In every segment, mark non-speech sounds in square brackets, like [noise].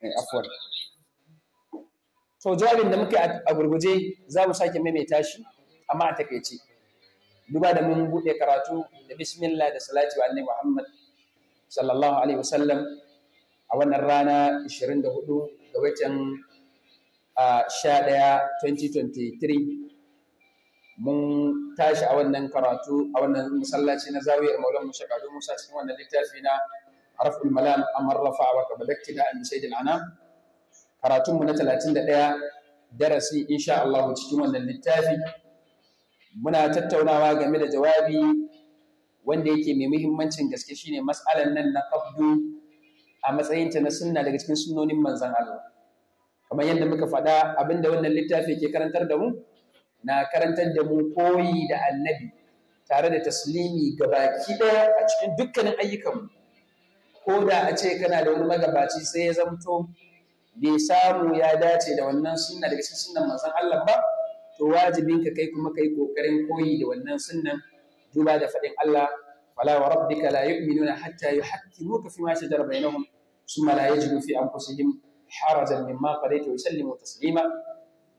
Eh, afuwar to jawabin da muka a gurguje za mu sake maimaita shi amma a takaice duba da mun buɗe karatu da bismillah da salati wa annabi Muhammad sallallahu alaihi wasallam a wannan rana 24 ga watan 11 2023 mun tashi a wannan karatu a wannan masallaci na zawiyar Maulana Musa Kado Musa cikin wannan littafi na harful malal amar rafa wa qabla iktida'an bi sayyidil anam karatun mu na 31 darasi insha Allah cikin wannan littafi muna tattaunawa game da jawabi wanda yake mai muhimmancin gaske shine mas'alan nan na qabdu a matsayinta na sunna daga cikin sunnonin manzon Allah kamar yadda muka faɗa abinda wannan littafi ke karantar da mu na karantar da mu koyi da annabi tare da taslimi ga baki ɗaya a cikin dukkanin ayyukanmu ko da a ce kana da wani magabaci sai ya zamto bai samu ya dace da wannan sunna daga cikin sunnan manzon Allah ba to wajibin ka kai kuma kai kokarin koyi da wannan sunnan duba da faɗin Allah wala wa rabbika la yu'minuna hatta yuhaqqimuka fi ma shajara bainahum thumma la yajidu fi anfusihim harajan mimma qadaita wa yusallimu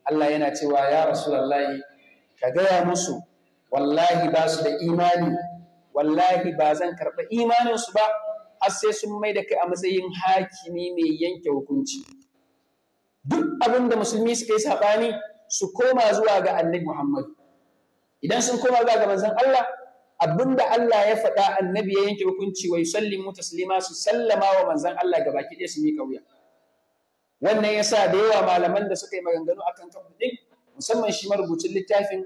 Allah yana cewa ya rasulullahi ka gaya musu wallahi ba su da imani wallahi ba zan karɓi imaninsu ba har sai sun mai da kai a matsayin hakimi mai yanke hukunci duk abin da musulmi suka yi saɓani su koma zuwa ga annabi Muhammad idan sun koma zuwa ga manzon Allah abinda Allah ya faɗa annabi ya yanke hukunci wa yusallimu taslima su sallama wa manzon Allah ga baki ɗaya su miƙa wuya wannan yasa da yawa malaman da suka yi maganganu akan kafin musamman shi marubucin littafin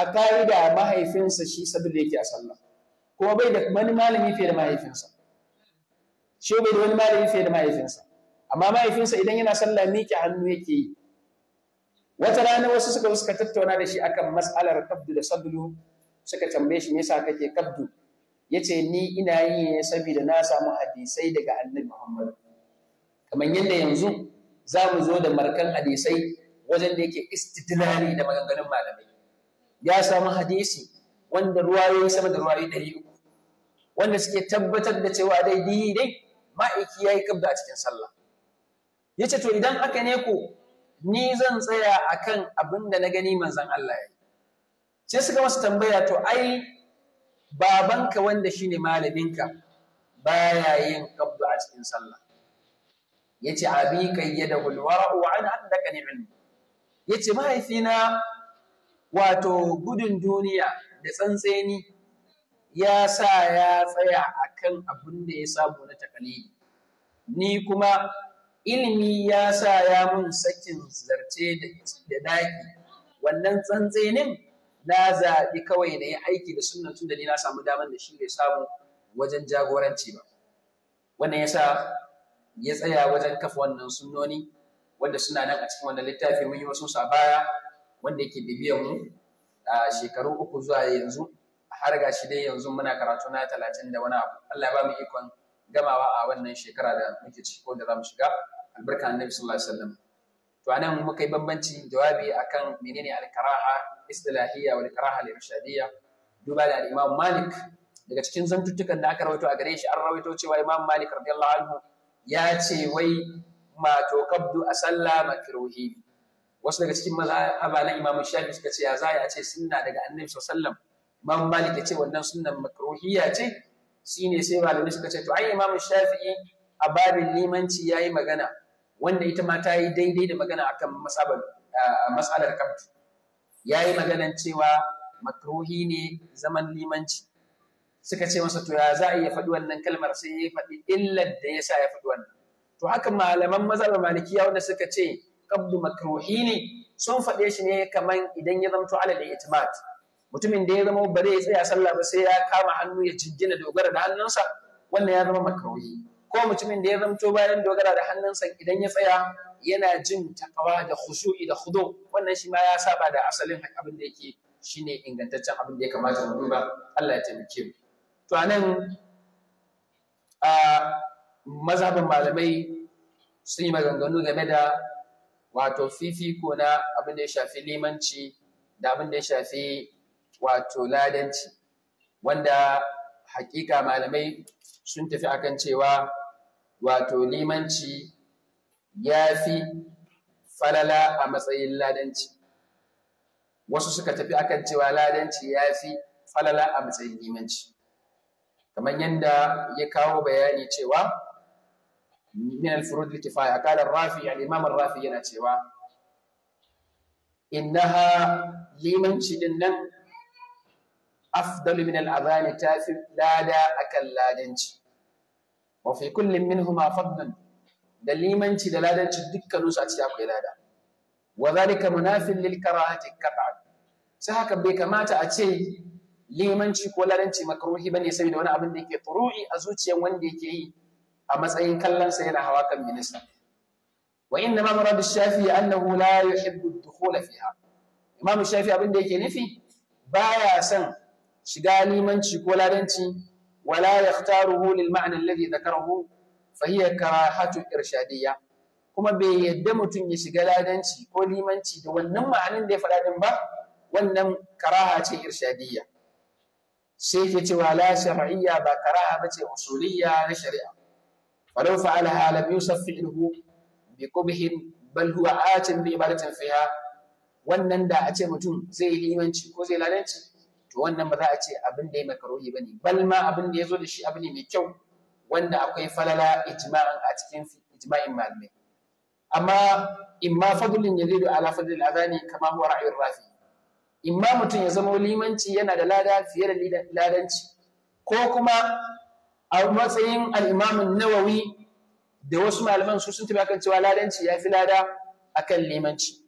a ka'ida mahaifinsa shi sabu da yake a sallah kuma bai da wani malami fiye da mahaifinsa shi bai da wani malami fiye da mahaifinsa amma mahaifinsa idan yana sallah miƙe hannu yake yi wata rana wasu suka suka tattauna da shi akan mas'alar kabdu da sablu suka tambaye shi me yasa kake kabdu yace ni ina yi ne saboda na samu hadisai daga annabi Muhammad kamar yadda yanzu za mu zo da markan hadisai wajen da yake istidlali da maganganun malamai ya samu hadisi wanda ruwayoyi sama da ruwayoyi ɗari uku wanda suke tabbatar da cewa dai dai ma'aiki ya yi kabda a cikin sallah Ya ce to idan haka ne ku, ni zan tsaya a kan abin da na gani manzon Allah yayi sai suka masa tambaya to ai babanka wanda shi shine malaminka baya yin kabda a cikin sallah Ya yace abi kayyadahu alwara'u an annaka ya yace mahaifina wato gudun duniya da tsantseni ya sa ya tsaya a kan abin da ya samu na takalili ni kuma ilimi ya sa ya mun sakin zarce da daki wannan tsantsenin na zaɓi kawai na yi aiki da sunan tun da ni na samu damar da shi bai samu wajen jagoranci ba wannan sa ya tsaya wajen kafa wannan sunnoni wanda suna nan a cikin wannan littafi mun yi wasu sa baya wanda yake bibiyan mu a shekaru uku zuwa yanzu har ga shi dai yanzu muna karatu na talatin da wani abu Allah ya ba mu ikon gamawa a wannan shekara da muke ciki ko da za mu shiga albarka annabi sallallahu alaihi wasallam to anan muka yi bambanci jawabi akan menene alkaraha istilahiyya wal karaha lil irshadiyya duba da imam malik daga cikin zantuttukan da aka rawaito a gare shi an rawaito cewa imam malik radiyallahu anhu ya ce wai ma to kabdu a sallah makruhi wasu daga cikin maza na imam shafi suka ce ya zai a ce sunna daga annabi sallallahu alaihi wasallam Imam Malik ya ce wannan sunnan makruhiyya ce shine sai malamai suka ce to ai Imam Shafi'i a babin limanci yayi magana wanda ita ma ta yi daidai da magana akan masabar mas'alar kabtu yayi maganan cewa makruhi ne zaman limanci suka ce masa to ya za a iya faɗi wannan kalmar sai ya faɗi illar da yasa ya faɗi wannan to haka malaman mazhabar malikiya wanda suka ce kabdu makruhi ne sun faɗe shi ne kaman idan ya zamto alal i'timad mutumin da ya zama ba zai tsaya sallah ba sai ya kama hannu ya jingina dogara da hannunsa wannan ya zama makaruhi ko mutumin da ya zamto bayan dogara da hannunsa idan ya tsaya yana jin takawa da khushu'i da khudu wannan shi ma ya saba da asalin abin da yake shine ingantaccen abin da ya kamata mu duba Allah ya taimake mu to anan a mazhabin malamai sun yi maganganu game da wato fifiko na abin da ya shafi limanci da abin da ya shafi wato ladanci wanda hakika malamai sun tafi akan cewa wato limanci ya fi falala a matsayin ladanci wasu suka tafi akan cewa ladanci ya fi falala a matsayin limanci kamar yadda ya kawo bayani cewa min al-furud al-kifaya qala rafi a imam rafi yana cewa innaha limanci din nan afdalu min azani ta fi lada a kan ladanci wa fi kullum huma fadlan da limanci da ladanci dukkanin su a cikin akwai lada wa ka munafin lil karahati qat'an sai haka bai kamata a ce limanci ko ladanci ba bane saboda wani abin da yake furu'i a zuciyar wanda yake yi a matsayin kallon sa yana hawa kan minista wa inna ma muradu shafi annahu la yuhibbu ad fiha imam shafi abin da yake nufi baya son shiga limanci ko ladanci wala yahtaruhu lil ma'na alladhi dhakarahu fa hiya karahatu irshadiyya kuma bai yadda mutum ya shiga ladanci ko limanci da wannan ma'anin da ya faɗa ba wannan karaha ce irshadiyya sai ke cewa la shar'iyya ba karaha ba ce usuliyya na shari'a walau fa'alaha lam yusaf fi'luhu bi qubhin bal huwa atin bi ibadatin fiha wannan da a ce mutum zai limanci ko zai ladanci to wannan ba za a ce abin da ya ruhi ba ne bal ma abin da ya zo da shi abu ne mai kyau wanda akwai falala ijma'in a cikin ijma'in malamai amma imma ya yazidu da fadlil azani kama huwa ra'ayin rafi imma mutum ya zama limanci yana da lada fiye da ladanci ko kuma a matsayin alimamin nawawi da wasu malaman su sun tafi akan cewa ladanci ya fi lada akan limanci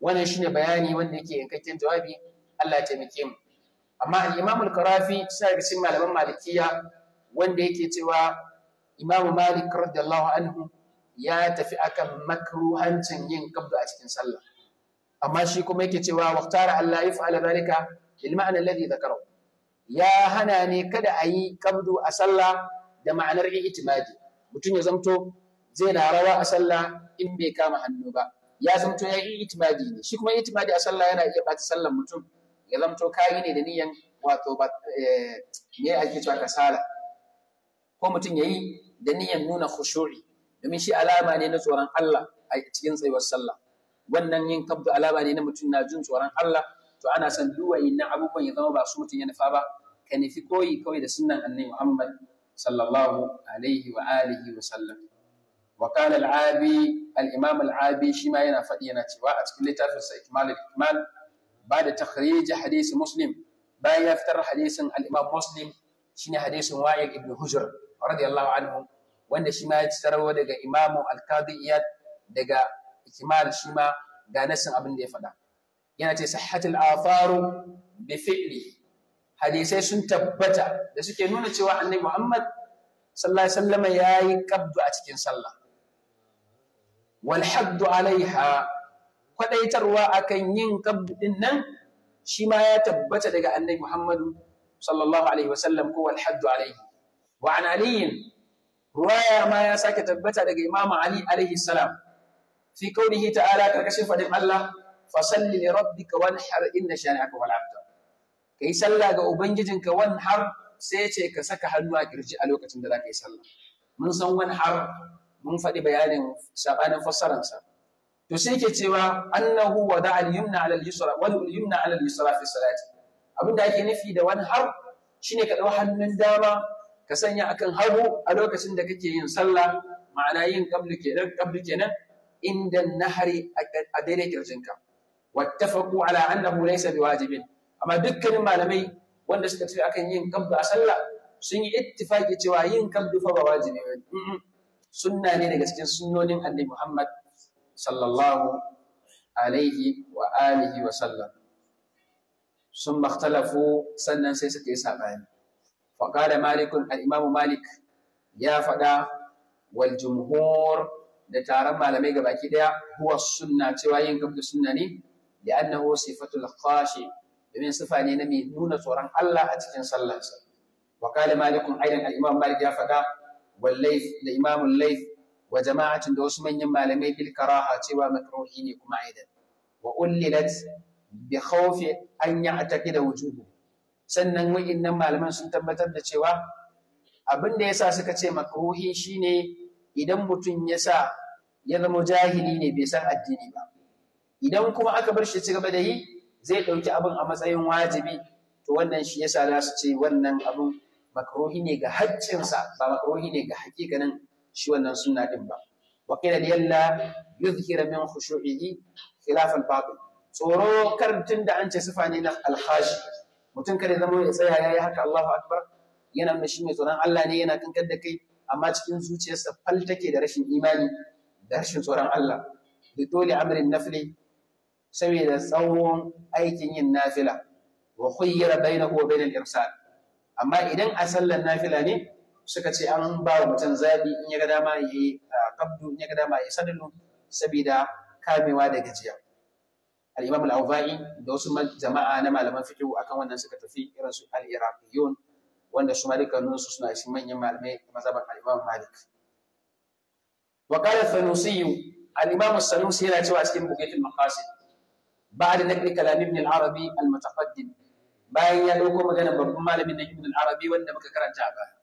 wannan shine bayani wanda yake yankakken jawabi Allah ya taimake mu amma al-imam al-qarafi sai cikin malaman malikiya wanda yake cewa imam malik radiyallahu anhu ya tafi akan makruhancin yin kabdu a cikin sallah amma shi kuma yake cewa waqtara Allah yaf'ala zalika bil ma'na alladhi dhakara ya hana ne kada a yi qabdu a sallah da ma'anar i'timadi mutum ya zamto zai na rawa a sallah in bai kama hannu ba ya zamto ya yi itimadi ne shi kuma itimadi a sallah yana iya bata sallan mutum ya zamto kayi ne da niyan wato eh, me ake cewa kasala ko mutum ya yi da niyan nuna khushu'i domin shi alama ne na tsoron Allah a cikin tsayuwar sallah wannan yin kabdu alama ne na mutum na jin tsoron Allah to ana son duwa na abubuwan ya zama ba su mutum ya nufa ba ka nufi koyi kawai da sunnan annabi Muhammad sallallahu alaihi wa alihi wa sallam wa qala al-abi al-imam al-abi shi ma yana faɗi yana cewa a cikin littafin sa ikmal al-ikmal بعد تخريج حديث مسلم باي يفتر حديث الإمام مسلم شنو حديث وائل ابن هجر رضي الله عنه wanda shi ma ya ci daga imamu alkadi iyad daga ikimal shi ma ga nassin abin da ya faɗa yana ce sahhatul afaru bi fi'li hadisai sun tabbata da suke nuna cewa annabi muhammad sallallahu yayi qabdu a cikin sallah wal alaiha faɗaitarwa akan yin kabbu ɗin nan shi ma ya tabbata daga annabi Muhammadu sallallahu alaihi wasallam ko alhaddu alaihi wa an aliyin ruwaya ma ya sake tabbata daga imam ali alaihi salam fi qaulihi ta'ala karkashin faɗin Allah rabbi ka wani rabbika inda inna aka wal Ka yi sallah ga ubangijin wani wanhar sai ce ka saka hannu a kirji a lokacin da zaka yi sallah mun san har mun faɗi bayanin sabanin fassararsa to sai yake cewa annahu da al yumna ala al yusra al yumna ala al yusra fi salati abin da ake nufi da wani har shine ka dau hannun dama ka sanya akan hagu a lokacin da kake yin sallah ma'ana yin qablu kenan qablu kenan inda nahari a daidai kirjinka wattafaqu ala annahu laysa biwajibin amma dukkanin malamai wanda suka ce akan yin qabdu a sallah sun yi ittifaki cewa yin kabdu fa ba wajibi ne sunna ne daga cikin sunnonin annabi Muhammad sallallahu alaihi wa alihi wa sallam sun makhtalafu sannan sai suka yi saɓani faƙada malikun al'imamu malik ya faɗa wal jumhur da taron malamai gabaki ɗaya huwa sunna cewa yin gab sunna ne da annahu sifatul khashi domin sifa ne na mai nuna tsoron Allah a cikin sallarsa وقال مالك Malik الامام مالك يا فدا da imamun laif. wa jama'atin da wasu manyan malamai bil karaha cewa makruhi ne kuma aidan wa ullilat bi khawfi an da wujubu sannan wa'innan malaman sun tabbatar da cewa abin da yasa suka ce makruhi shine idan mutum yasa ya zama jahili ne bai san addini ba idan kuma aka bar shi ci gaba da yi zai ɗauki abin a matsayin wajibi to wannan shi yasa za su ce wannan abin makruhi ne ga haccinsa ba makruhi ne ga hakikanin shi wannan sunna din ba wa qila yalla yuzhira min khushu'ihi khilaf al tsoro kar da an ce sifa ne na al-khashi mutum kare zama ya tsaya yayi haka Allahu akbar yana nuna mai tsoron Allah ne yana kankar da kai amma cikin zuciyarsa fal take da rashin imani da rashin tsoron Allah bi dole amrin nafli saboda tsawon aikin yin nafila wa khuyyira bainahu wa bainal irsal amma idan a sallar nafila ne suka ce an ba wa mutum zaɓi in ya ga dama ya yi kabdu in ya ga dama ya yi sadalu saboda kamewa da gajiya al-imam al-awfa'i da wasu jama'a na malaman fiqh akan wannan suka tafi irin su al-iraqiyun wanda su malikanun su suna shi manyan malamai mazhaban al-imam malik wa qala sanusi al-imam sanusi yana cewa cikin bugatul maqasid ba'da nakli kalam ibn al-arabi al-mutaqaddim bayan ya dauko maganar babban malamin ibn al-arabi wanda muka karanta a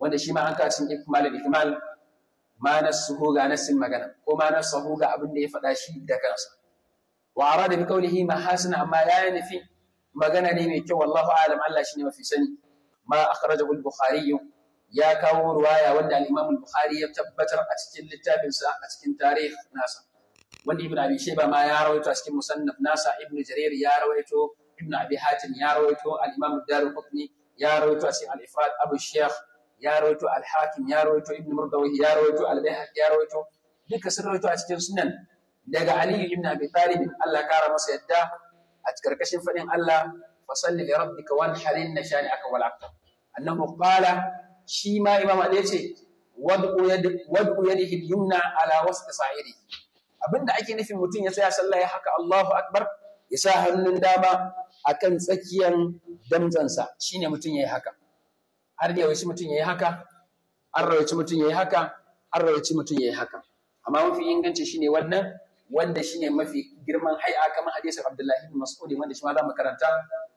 wanda shi ma an ka cin ikmal ikmal ma nasuhu ga nasin magana ko ma nasahu ga abin da ya faɗa shi da kansa wa arada bi qawlihi mahasina amma ya nufi magana ne mai kyau wallahu alam Allah shine mafi sani ma akhrajahu al-bukhari ya kawo ruwaya wanda al-imam al-bukhari ya tabbatar a cikin littafinsa a cikin tarikh nasa wanda ibn abi shayba ma ya rawaito a cikin musannaf nasa ibn jarir ya rawaito ibn abi hatim ya rawaito al-imam ad ya rawaito a cikin al-ifrad abu shaykh ya rawaito al-hakim ya rawaito ibn murdawi ya rawaito al-bayhaqi ya rawaito duka sun rawaito a cikin sunan daga ali ibn abi talib Allah kara masa yadda a karkashin fadin Allah fa salli li rabbika wanharin nashani aka wal aqta annahu qala shi ma imam ali yace wad'u yadihi al-yumna ala wasf sa'iri abinda ake nufin mutum ya tsaya sallah ya haka Allahu akbar ya sa hannun dama akan tsakiyan damtsansa shine mutum yayi haka har da yawanci mutum ya yi haka an rawaci mutum ya yi haka an rawaci mutum ya yi haka amma mafi inganci shine wannan wanda shine mafi girman hai'a kamar hadisin Abdullahi bin mas'udi wanda shi ma za mu karanta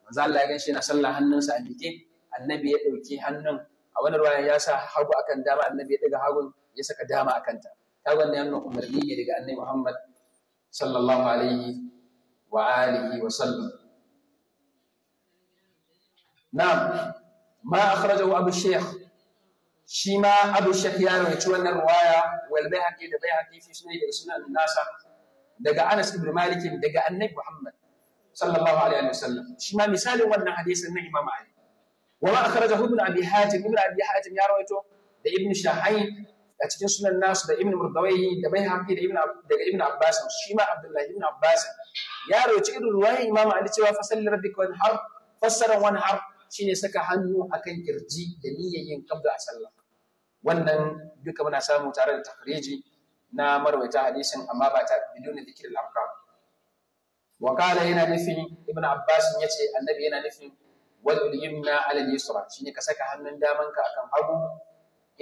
manzo Allah ya ganshi yana sallah hannunsa a miƙe annabi ya ɗauki hannun a wani ruwa ya sa hagu akan dama annabi ya ɗaga hagun ya saka dama a kanta. ta wannan yana umarni ne daga annabi Muhammad sallallahu alaihi wa alihi wa sallam na'am ma akhrajahu abu shaykh shi ma abu shaykh ya rawaci wannan riwaya wal bayhaqi da bayhaqi fi sunan da sunan nasa daga Anas ibn Malik daga Annabi Muhammad sallallahu alaihi sallam. shi ma misalin wannan hadisin na Imam Ali wa ma akhrajahu ibn Abi Hatim ibn Abi Hatim ya rawaito da ibn Shahain a cikin sunan nasu da ibn Murdawai da Baihaqi da ibn daga ibn Abbas shi ma Abdullah ibn Abbas ya rawaito irin ruwayan Imam Ali cewa fasalli rabbika wanhar fassaran har. shine saka hannu akan kirji da niyyar yin kabda a sallah wannan duka muna samu tare da takhriji na marwaita hadisin amma ba ta bidon zikir al wa kala yana nufin Ibn abbas yace annabi yana nufin wadul yumna ala al-yusra shine ka saka hannun damanka akan hagu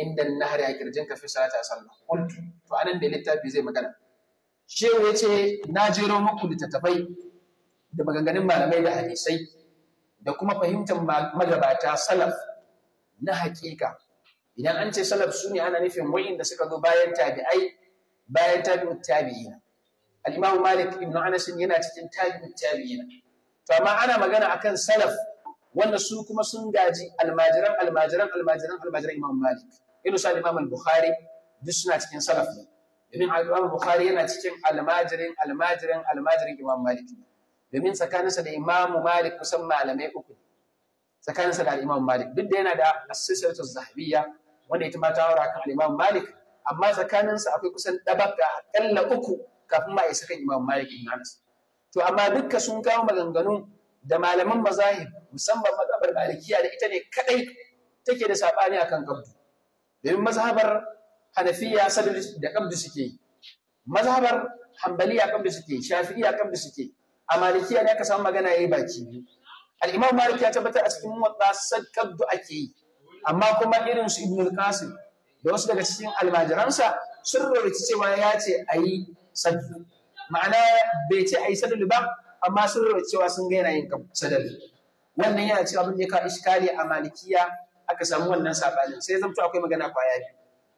inda ya kirjin ka fi salata a sallah qultu to anan da littafi zai magana shehu ce na jero muku littattafai da maganganun malamai da hadisai da kuma fahimtar magabata salaf na hakika idan an ce salaf su ne ana nufin da suka zo bayan tabi'ai bayan tabi'ut tabi'ina al-imamu malik ibn anas yana cikin tabi'ut tabi'ina to amma ana magana akan salaf wanda su kuma sun gaji almajiran almajiran almajiran almajiran imam malik irin su imam al-bukhari duk suna cikin salaf ne domin imam bukhari yana cikin almajirin almajirin almajirin imam malik ne domin tsakaninsa da imamu malik kusan malamai uku tsakaninsa da imamu malik duk da yana da as-silsilatu zahabiyya wanda ita ma ta wara kan imamu malik amma tsakaninsa akwai kusan dabaka aƙalla uku kafin ma isa kan imamu malik ibn anas to amma dukka sun kawo maganganu da malaman mazahib musamman mazhabar malikiya da ita ne kadai take da saɓani a kan kabdu domin mazhabar hanafiya sadar da kabdu suke yi mazhabar hambaliya kabdu suke shafi'iya kabdu suke yi a malikiya ne aka samu magana yayi baki biyu al malik ya tabbatar a cikin muwatta sakkaddu ake yi amma kuma irin su ibn al-qasim da wasu daga cikin almajiransa sun rawaita cewa ya ce ayi saddu ma'ana bai ce a yi saddu ba amma sun rawaita cewa sun ga yana yin saddu wannan yana cewa abin da ya kawo iskali a malikiya aka samu wannan sabanin sai zamto akwai magana kwaya biyu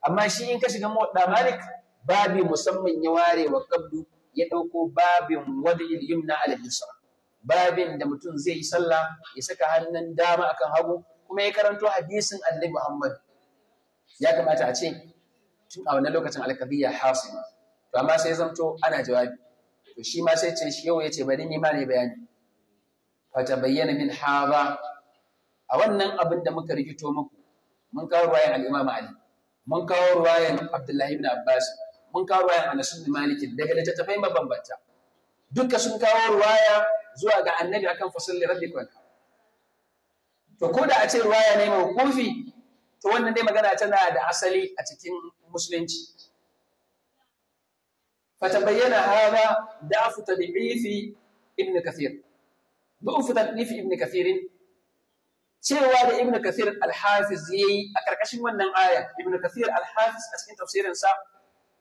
amma shi in ka shiga muwatta malik babi musamman ya ware wa kabdu ya ɗauko babin wadil yumna ala yusra babin da mutum zai yi sallah ya saka hannun dama akan hagu kuma ya karanto hadisin annabi Muhammad ya kamata a ce tun a wannan lokacin alkabiya hasima to amma sai zamto ana jawabi to shi ma sai ce shi yau ya ce bari ni ma ne bayani ta bayyana min haba a wannan abin da muka rikito muku mun kawo ruwayan al-Imam Ali mun kawo ruwayan Abdullahi ibn Abbas mun kawo ruwayan a bin malikin, daga littattafai mabambanta duka sun kawo ruwaya zuwa ga annabi akan fasalli rabbi to ko da a ce ruwaya ne mai to wannan dai magana tana da asali a cikin musulunci da هذا ضعف Ibn ابن كثير ضعف ifi Ibn كثير cewa da ibn kathir al-hafiz yayi a karkashin wannan aya ibn kathir al-hafiz a cikin tafsirin sa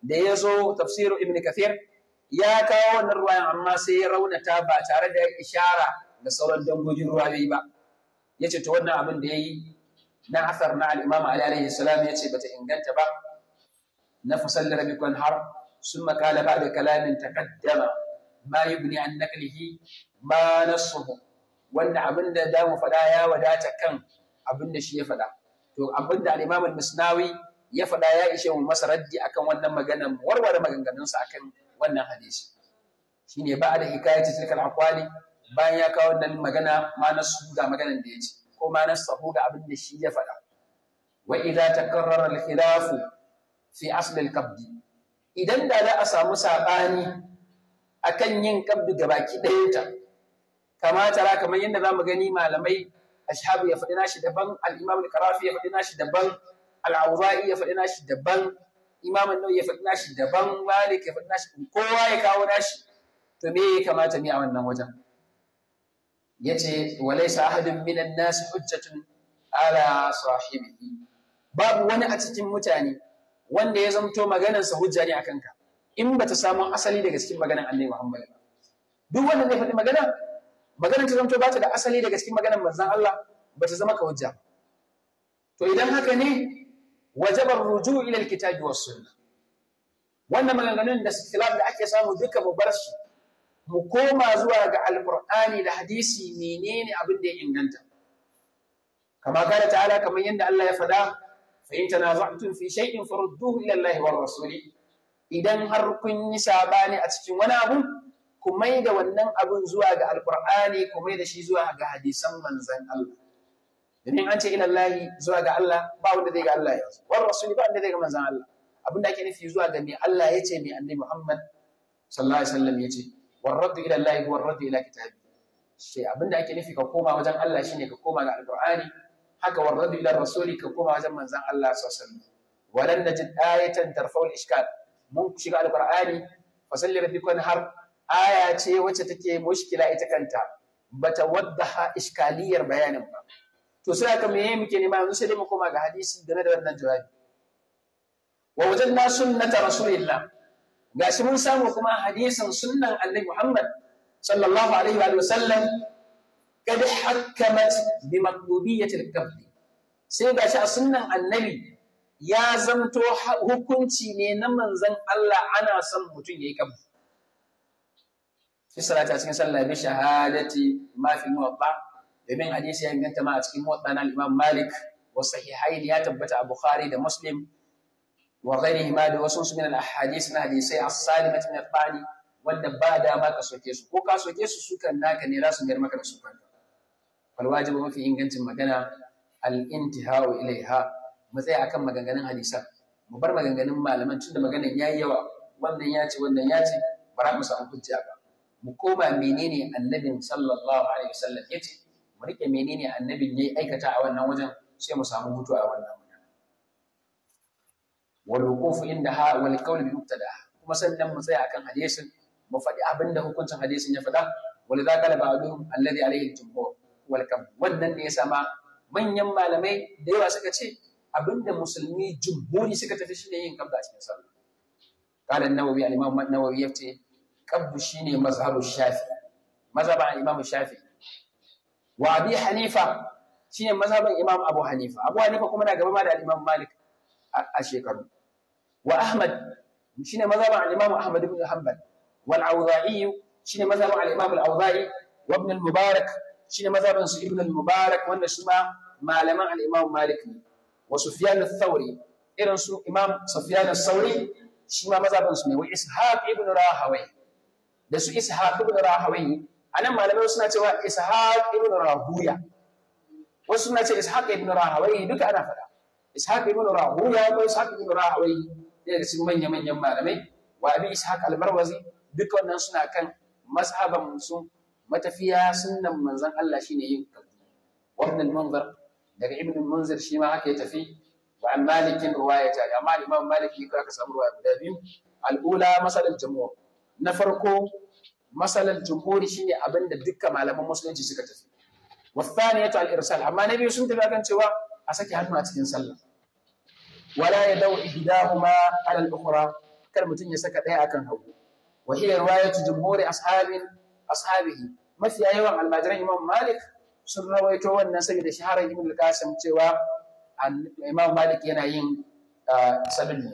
da ya zo tafsirin ibn kathir ya kawo wannan ruwayan amma sai ya raunata ba tare da ishara da sauran dangogin ruwayoyi ba ya ce to wannan abin da ya yi na asar na al'imam ali alaihi salam ya ce bata inganta ba na fasallar rabikon har sun makala ba da kalamin takaddama ma yubni an naklihi ma nasuhu wanda abin da da faɗa ya wadata kan abin da shi ya faɗa to abin da al al-musnawi ya faɗa ya ishe mu masa raddi akan wannan magana mu warware maganganunsa akan wannan hadisi shine ba da hikayati tilkal aqwali bayan ya kawo wannan magana ma na su ga maganan da ya ce ko ma na sahu ga abin da shi ya faɗa wa idza takarrara al-khilaf fi asl al-qabd idan da za a samu sabani akan yin qabd gabaki ɗayanta kamata ra kamar yadda zamu gani malamai ashabu ya faɗi nashi daban al-imam al-qarafi ya faɗi nashi daban al ya faɗi nashi daban Imaman an ya faɗi nashi daban Malik ya faɗi nashi kowa ya kawo nashi to me ya kamata mi a wannan wajen yace walai sahadun minan nasu hujjatun ala sahibihi babu wani a cikin mutane wanda ya zamto maganarsa hujja ne akan ka in bata samu asali daga cikin maganar Allah Muhammad duk wanda zai faɗi magana maganar ta zamto ba ta da asali daga cikin maganar manzon Allah ba ta zama ka hujja to idan haka ne wajabar ruju ila alkitabi was sunna wannan maganganun da ikhtilaf da ake samu duka mu bar su mu koma zuwa ga alqur'ani da hadisi menene abin da ya inganta kama kana ta'ala kamar yadda Allah ya faɗa fa in tanaza'tum fi shay'in farudduhu ila Allah war rasuli idan har kun yi sabani a cikin wani abu ku mai da wannan abun zuwa ga alqur'ani ku mai da shi zuwa ga hadisan manzon Allah domin an ce ila lahi zuwa ga Allah ba wanda zai ga Allah yanzu war rasuli ba wanda zai ga manzon Allah abinda ake nufi zuwa ga mai Allah ya ce mai annabi Muhammad sallallahu alaihi wasallam ya ce war raddu ila lahi war raddu ila kitabi sai abinda ake nufi ka koma wajen Allah shine ka koma ga alqur'ani haka war raddu ila rasuli ka koma wajen manzon Allah sallallahu alaihi wasallam walan najid ayatan tarfa'u al-ishkal mun shiga alqur'ani fasalli rabbikun har aya ce wacce take mushkila ita kanta bata waddaha iskaliyar bayanin ba to sai aka meye muke nema yanzu sai dai mu koma ga hadisi na da wannan jawabi wa wajadna sunnata rasulillah gashi mun samu kuma hadisin sunnan annabi Muhammad sallallahu alaihi wa sallam kad hakkamat bi maqdubiyyati al sai gashi a sunnan annabi ya zamto hukunci ne na manzon Allah ana son mutum yayi kabu fi salati a cikin sallah bi shahadati ma fi muwaffaq domin hadisi ya inganta ma a cikin muwaɗan al-imam malik wasu sahihaini ya tabbata a bukhari da muslim wa ghairihi ma da wasu su min al na hadisai a salimati min al-bani wanda ba dama ka soke su ko ka soke su sukan naka ne za su maka da su kanka wal mafi ingancin magana al-intihau ilaiha mu tsaya akan maganganun hadisan mu bar maganganun malaman tunda maganan yayi yawa wannan ya ce wannan ya ce ba za mu samu hujja ba mu koma menene annabin sallallahu alaihi wasallam ya ce mu rike menene annabin yayi aikata a wannan wajen sai mu samu hutu a wannan wajen wal wuquf inda ha wal qawl bi mubtada kuma sannan mu tsaya akan hadisin mu faɗi abinda hukuncin hadisin ya faɗa walidha qala ba'du alladhi alayhi al-jumhur wal kam wannan ne yasa ma manyan malamai da yawa suka ce abinda musulmi jumhuri suka tafi shine yin kabda a cikin sallah qala an-nawawi al-imam an-nawawi yace kabbu shine mazhabu shafi mazhaban al-imam shafi wa abi hanifa shine mazhaban imam abu hanifa abu hanifa kuma na gaba ma da imam malik a shekaru wa ahmad shine mazhaban al-imam ahmad ibn hanbal wal auza'i shine mazhaban al-imam al-auza'i wa ibn al-mubarak shine mazhaban su ibn al-mubarak wanda shi ma malaman al-imam malik ne wa sufyan al-thawri irin su imam sufyan al-thawri shi ma mazhaban su ne wa ishaq ibn rahawai da su ishaq ibn rahawai anan malamai suna cewa ishaq ibn rahuya wasu suna ce ishaq ibn rahawai duka ana faɗa ishaq ibn rahuya ko ishaq ibn rahawai ɗaya daga cikin manya manyan malamai wa abi ishaq almarwazi duka wannan suna kan mazhaban su matafiya sunnan manzon Allah shine yin kabdi wa ibn daga ibn al-munzir shi ma haka ya tafi wa an malikin riwaya ta amma imam maliki ko aka samu riwaya guda biyu al-ula masal al na farko masalan jumhuri shine abin da dukkan malaman musulunci suka tafi wasaniyatu al-irsal amma na sun tafi akan cewa a sake hannu a cikin sallah wala ya dau ihdahuma ala al-ukhra kar mutum ya saka daya akan hagu wa hiya riwayatu jumhuri ashabin ashabihi mafiya yawan almajiran imam malik sun rawaito wannan saboda shaharar ibn al-qasim cewa imam malik yana yin ah, sabin ne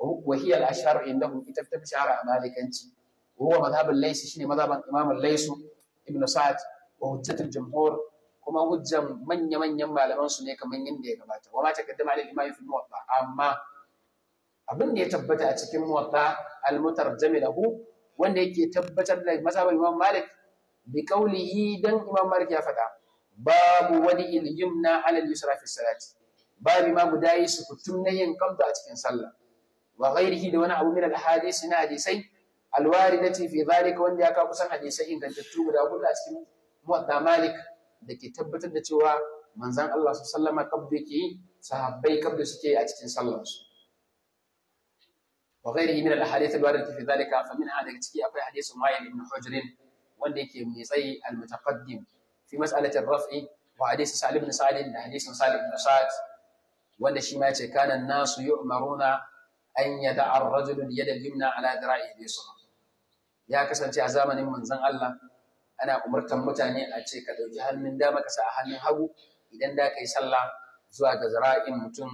wa hiya al-ashhar ita ta shahara a malikanci huwa mazhabin laysi shine mazhaban imam Laisu, ibn sa'ad wa hujjatul jumhur kuma hujjan manya manyan malaman ne kamar yanda ya gabata wa ma taqaddama alal imam fi muwatta amma abin da ya tabbata a cikin muwatta al mutarjami lahu wanda yake tabbatar da mazhabin imam malik bi qawlihi dan imam malik ya faɗa babu wani yumna na yusra fi salati babu ma guda yi sukutum na yin kabda a cikin sallah wa ghairihi da wani abu min al hadisi na hadisai alwaridati fi zalika wanda ya kawo kusan hadisai ingantattu guda hudu a cikin muwadda malik da ke tabbatar da cewa manzan Allah su sallama Kabdu ke yi sahabbai kabda suke a cikin sallarsu wa ghairihi yi al-ahadith al-waridati fi zalika fa min daga ciki akwai hadisin Wa'il ibn Hujr wanda yake mai tsayi al fi mas'alati rafi wa hadisi Salim ibn Salim da hadisin Salim ibn Sa'ad, wanda shi ma yace kana nasu yu'maruna an yada'a ar yada limna yumna ala dira'ihi bi ya kasance a zamanin manzon Allah ana umurtan mutane a ce ka ɗauki hannun dama ka sa a hannun hagu idan da ka yi sallah zuwa ga zira'in mutum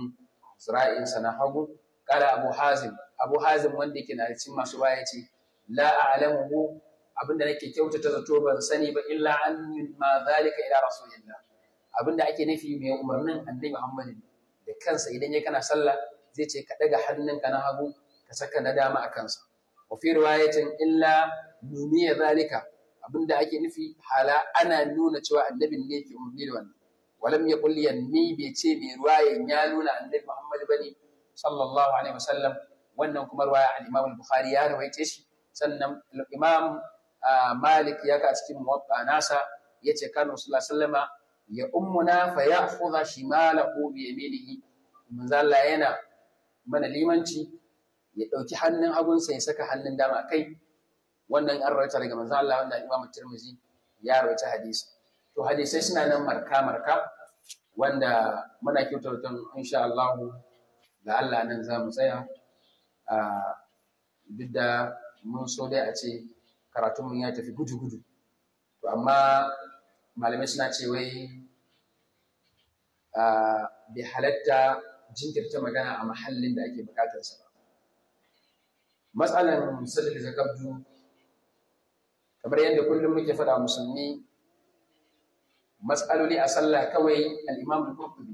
zira'insa na hagu kala abu hazim abu hazim wanda ke na cikin masu baya ce la alamu abinda nake kyautata zato ban sani ba illa an ma zalika ila rasulillah abinda ake nufi mai umarnin annabi Muhammad da kansa idan ya kana sallah zai ce ka daga hannunka na hagu ka saka na dama a kansa wa fi riwayatin illa numiya zalika abinda ake nufi hala ana nuna cewa annabin ne ke umarni da wannan walam ya kulli yanni bai ce mai ruwayan ya nuna annabi Muhammad bane sallallahu alaihi wasallam wannan kuma ruwaya al-Imam bukhari ya rawaice shi sannan al-Imam ah, Malik ya ka cikin muwatta nasa Ya ce sallallahu alaihi wasallama ya ummuna fa ya'khudha shimalahu bi yaminihi manzo yana mana limanci ya ɗauki hannun hagunsa ya saka hannun dama kai wannan an rawaita daga manzon Allah wanda Imam Tirmidhi ya rawaita hadisi to hadisai suna nan marka marka wanda muna kyautautan insha Allah ga Allah nan za mu tsaya a duk da mun so dai a ce karatun mun ya tafi gudu gudu to amma malamai suna ce wai bai halatta jinkirta magana a mahallin da ake bukatarsa ba matsalan da zakabdu kamar yadda kullum muke fada musulmi matsaloli a sallah kawai al’imam imam al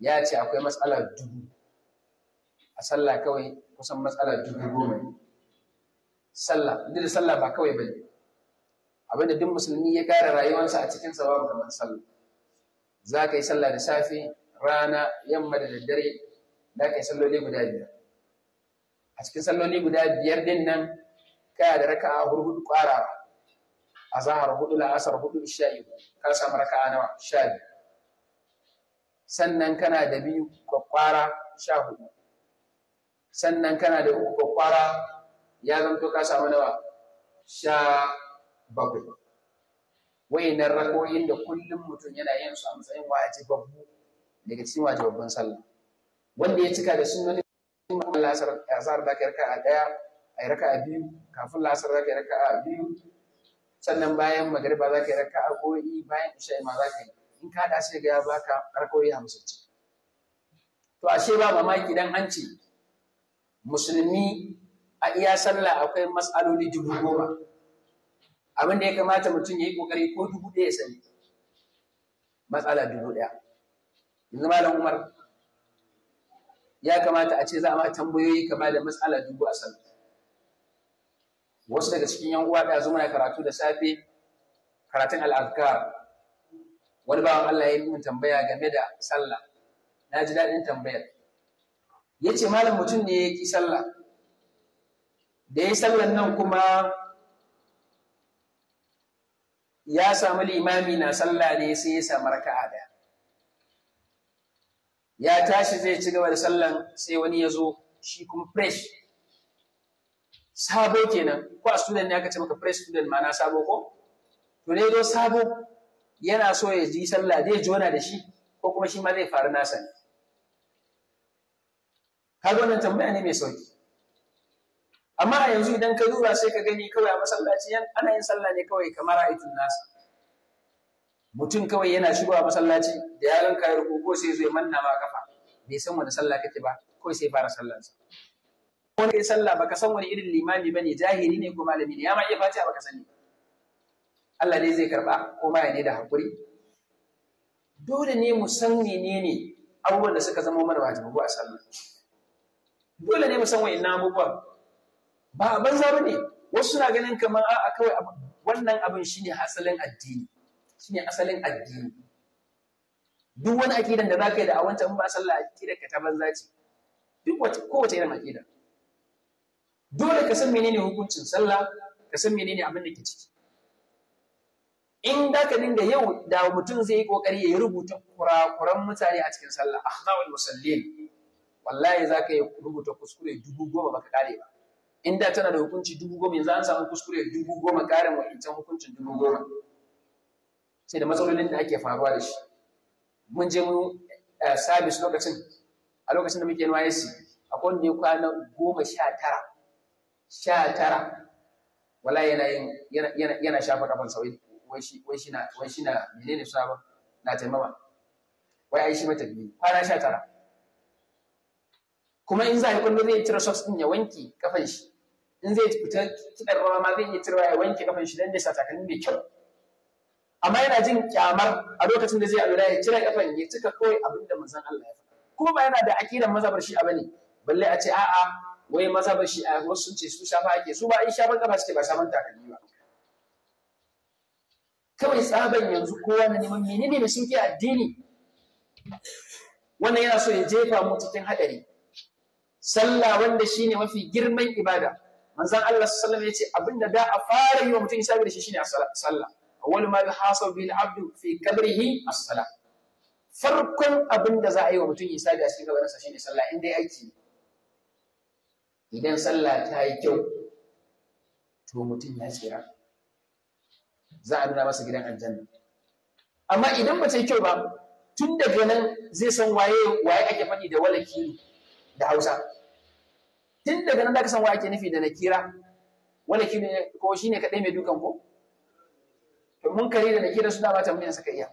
ya ce akwai matsala dubu a sallah kawai kusan matsala dubu goma sallah duk da sallah ba kawai bane abinda duk musulmi ya kare rayuwarsa a cikin sababu babu kamar sallah za ka yi sallah da safe rana yamma da daddare za ka yi salloli guda biyar a cikin salloli guda biyar din nan kaya da raka a hurhudu a zahar hudu la'asar hudu isha'i ka samu a nawa sha biyu sannan kana da biyu kwakwara sha hudu sannan kana da uku kwakwara ya zanto ka samu nawa sha bakwai Wai na rakoyin da kullum mutum yana yin su a matsayin wajibabbu daga cikin wajibabbun sallah wanda ya cika da sunnoni lasar azhar za ka yi raka'a daya a yi raka'a biyu kafin lasar za ka yi raka'a biyu sannan bayan magariba za ka yi raka'a koyi bayan isha'i ma za ka yi in ka da sai ga ya baka harkoyi hamsin ce to ashe ba mamaki dan an ce musulmi a iya sallah akwai matsaloli dubu goma abin da ya kamata mutum ya yi kokari ko dubu ɗaya sani matsala dubu ɗaya yanzu malam umar ya kamata a ce za ma tambayoyi kama da matsala dubu a sallah wasu daga cikin yan uwa ɗazu muna karatu da safe karatun al'adkar wani bawan Allah ya yi min tambaya game da sallah na ji daɗin tambayar ya ce malam mutum ne ya ki sallah da ya yi sallan nan kuma ya samu limami na sallah ne sai ya samu raka'a ɗaya ya tashi zai ci gaba da sallan sai wani ya zo shi kuma fresh sabo kenan ko a student ne aka ce maka fresh student ma na sabo ko to ne do sabo yana so ya ji sallah zai wani da shi ko kuma shi ma zai faru nasa ne kaga wannan tambaya ne mai sauki amma a yanzu idan ka duba sai ka gani kawai a masallaci ana yin sallah ne kawai kamar ra'aitun nasa mutum kawai yana shigowa masallaci da ya ganka ya ko sai zai manna ma kafa bai san wani sallah kake ba kawai sai fara sallansa wani ne sallah baka san wani irin limami bane jahili ne ko malami ne ya ma iya fatiha baka sani Allah ne zai karba ko ma ya ne da hakuri dole ne mu san menene abubuwan da suka zama mana ko a sallah dole ne mu san na abubuwan ba a banza bane wasu suna ganin kamar a'a kawai wannan abin shine hasalin addini shine asalin addini duk wani aqidan da zaka yi da awanta in ba sallah akidar ka ta banza ce duk wata kowace irin aqida dole ka san menene hukuncin sallah ka san menene abin da ke ciki in da ka dinga yau da mutum zai yi kokari ya rubuta kurakuran mutane a cikin sallah akhzaul musallin wallahi za ka yi rubuta kuskure dubu goma baka kare ba in da tana da hukunci dubu goma yanzu an samu kuskure dubu goma karin wa'incan hukuncin dubu goma sai da matsalolin da ake faruwa da shi mun je mun eh, sabis lokacin a lokacin da muke wayesi akwai wani ya kwana goma sha tara sha tara wala yana yin yana shafa kafan sa wai shi na wai shi na menene suna na taimawa. wai ai shi mata biyu kwana sha tara kuma in za a yi kullum zai cire sos din ya wanke kafan shi in zai fita kidan rawa ma zai iya cirewa ya wanke kafan shi dan da sa takalmi mai kyau amma yana jin kyamar a lokacin da zai alura ya cire kafan ya cika kawai abin da manzon Allah ya faɗa kuma ba yana da aqidar mazhabar shi'a bane balle a ce a'a wai mazhabar shi'a wasu sun ce su shafa ake su ba in shafa kafa suke ba shafan takalmi ba kawai tsaban yanzu kowa na neman menene da ke addini wannan yana so ya jefa mu cikin hadari sallah wanda shine mafi girman ibada manzon Allah sallallahu alaihi wasallam ce abinda da a fara yi wa mutum isabi da shi shine sallah awwal ma bi yuhasabu bil abdu fi qabrihi as-salah farkon abin da za a yi wa mutum hisabi a cikin gabarinsa shine sallah in dai aiki idan sallah ta yi kyau to mutum ya tsira za a nuna masa gidan aljanna amma idan ba ta yi kyau ba tun daga nan zai san waye waye ake faɗi da walaki da Hausa tun daga nan ka san waye ake nufi da nakira walaki ne ko shine kadai mai dukan ko to munkari da da su dama tambayan suka iya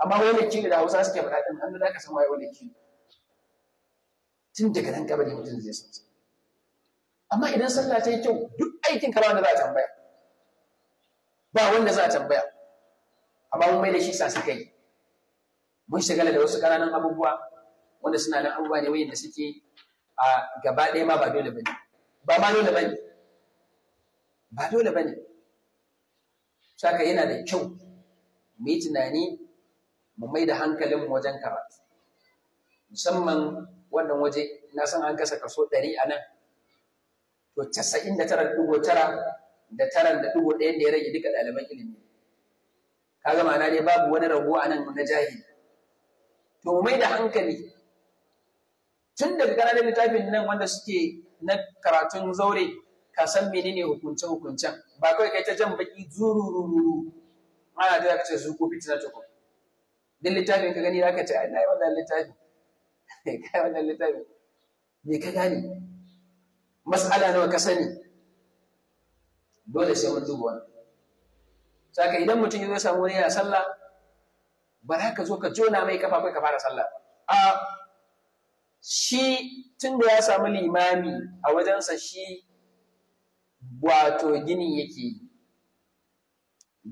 amma wai nake da Hausa suke faɗa din an da ka san wai wani nakira tun daga nan kabari mutum zai san amma idan sallah ta yi kyau duk aikin ka wanda za a tambaya ba wanda za a tambaya amma mun mai da shi sa suka yi mun shigala da wasu ƙananan abubuwa wanda suna nan abubuwa ne wayanda suke a gaba ɗaya ma ba dole bane ba ma dole bane ba dole bane saka yana da kyau mu yi tunani mu mai da mu wajen karatu musamman wannan waje na san an kasa kaso ɗari a nan to casa'in da tara ɗigo tara da tara da ɗigo ɗaya da ya rage duka ɗaliban ilimi kaga ma'ana dai babu wani rabo a nan na jahili to mu mai da hankali tun daga ƙananan littafin nan wanda suke na karatun zaure ka san menene hukunce hukuncen ba kawai kai ta jan baki zurururu ana da ka ce su ko fitina ta kuma din littafin ka gani zaka ce ina wannan littafi [laughs] kai wannan littafi me ka gani? mas'ala nawa ka sani dole sai mun duba wannan saka idan mutum ya samu wani ya sallah ba za ka zo ka jona mai kafa kai ka fara sallah a shi tun da ya samu limami a wajensa shi wato gini yake yi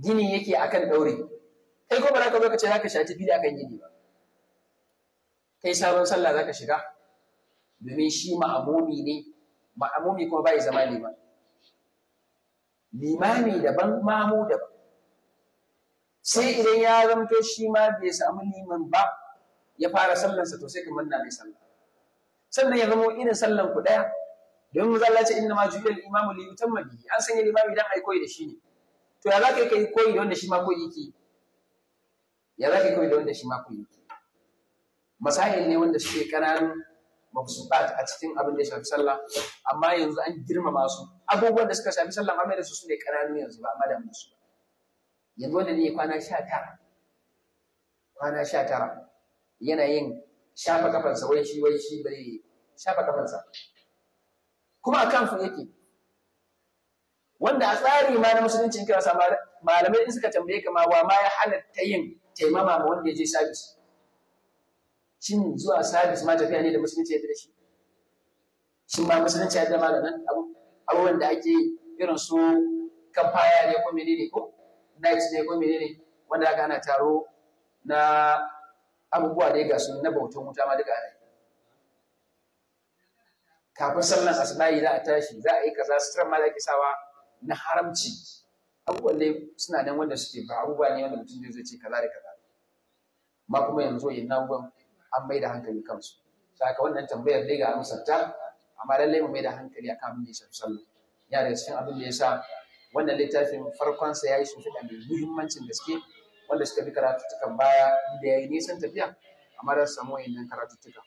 gini yake akan ɗaure kai ko ba za ka zo ce za ka shafi fili akan gini ba kai sabon sallah za ka shiga domin shi ma'amumi ne ma'amumi kuma bai zama ne ba. limami daban mamu daban sai idan ya zamto shi ma bai samu liman ba ya fara sallansa to sai ka manna mai sallah sannan ya zamo irin sallan ku ɗaya don mu zalla ce inna ma juyar imamu li ta bihi an sanya limami dan ai koyi da shi ne to ya zaka kai koyi da wanda shi ma koyi yake ya zaka koyi da wanda shi ma koyi yake Masahil ne wanda suke kananun mabsutat a cikin abin da ya shafi sallah amma yanzu an girmama su abubuwan da suka shafi sallah amma da su sune kananu yanzu ba amma da musu yanzu wanda ne kwana 19 kwana 19 yana yin shafa kafansa wai shi wai shi bare shafa kafansa kuma a kansu yake wanda a tsari ma na musulunci kira sa malamai in suka tambaye ka ma wa ma ya halatta yin taimama ma wanda ya je sabis shin zuwa sabis ma tafiya ne da musulunci ya da shi shin ma musulunci ya da malamin abubuwan da ake irin su kamfaya ne ko menene ko night ne ko menene wanda aka ana taro na abubuwa da ya gasu na bautan wuta ma duka a yi kafin sallan asbahi za a tashi za a yi kaza sutura ma za sawa na haramci abubuwan dai suna nan wanda suke ba abubuwa ne wanda mutum zai ce kaza da kaza ma kuma yanzu yin nan an mai da hankali kansu saka wannan tambayar dai ga amsarta amma lalle mu mai da hankali akan abin da ya shafi sallah ya daga cikin abin da ya sa wannan littafin farkon sa yayi shimfiɗa mai muhimmancin gaske wanda suka bi tukan baya da yayi nisan tafiya amma za su samu karatu karatuttuka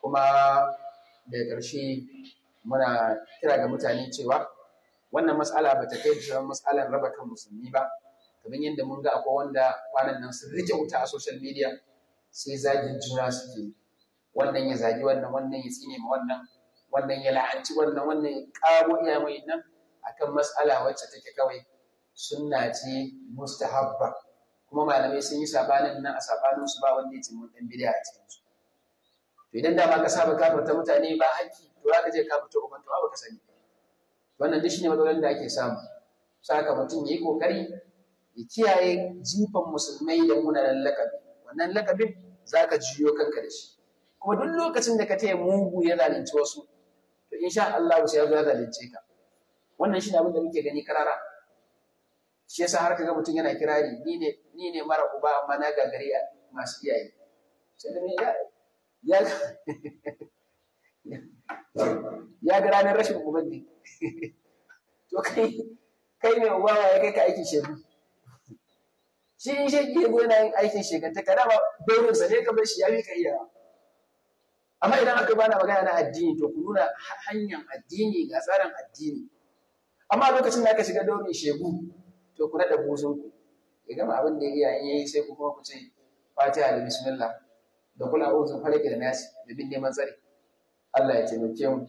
kuma daga ƙarshe muna kira ga mutane cewa wannan matsala ba ta kai da matsalar raba kan musulmi ba kamar yadda mun ga akwai wanda kwanan nan sun rike wuta a social media sai zagin juna suke wannan ya zagi wannan wannan ya tsine ma wannan wannan ya la'anci wannan wannan ya iya mai nan akan matsala wacce take kawai sunna ce mustahabba kuma malamai sun yi sabanin nan a sabanin su ba wanda ya ce mun dan bid'a a cikin su to idan da ma ka saba ta mutane ba haƙƙi to za ka je kafarta uban to ba ka sani wannan duk shine matsalolin da ake samu saka mutum yayi kokari ya kiyaye jifan musulmai da munanan lakabi wannan lakabin zaka jiyo kanka da shi kuma duk lokacin da ka taya mugu ya zalunci wasu to insha Allah sai ya zo ya zalunce ka wannan shine abin da muke gani karara shi yasa har kaga mutum yana kirari ni ne ni ne mara uba amma na gagare masu iyaye sai da ya ga ranar rashin ubangi to kai kai mai uba ya kai ka aikin shegu shi in shi ke yin aikin shegantaka dama dorin sa ne ka bar shi ya fi ka iya amma idan aka bana magana na addini to ku nuna hanyar addini ga tsarin addini amma lokacin da aka shiga dorin shegu to ku naɗa buzunku, ya gama abin da ya iya yi yayi sai ku kuma ku ce fatiha da bismillah da kula sun farke da nasi da bin neman tsari Allah ya taimake mu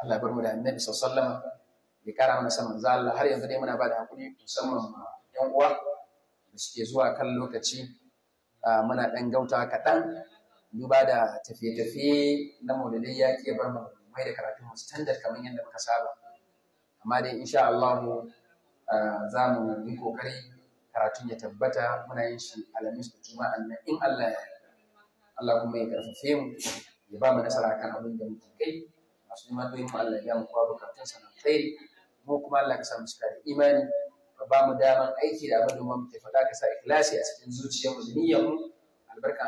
Allah bar mu da annabi sallallahu alaihi ya kara mana san za Allah har yanzu dai muna bada hakuri musamman ma yan uwa da suke zuwa kan lokaci muna dan gauta kaɗan duba da tafiye-tafiye na maulidai ya ke bar mu mai da karatu mu standard kamar yadda muka saba amma dai insha Allah za mu yi kokari karatun ya tabbata muna yin shi alamis da juma'an nan in Allah ya Allah kuma ya karfafe mu ya ba mu nasara kan abin da muke kai masu nema doyin mu Allah ya mu kwa kafin sa na kai mu kuma Allah ka sa mu cika da imani ka ba mu daman aiki da abin da mu ke faɗa ka sa ikhlasi a cikin zuciyarmu mu da niyyarmu mu albarka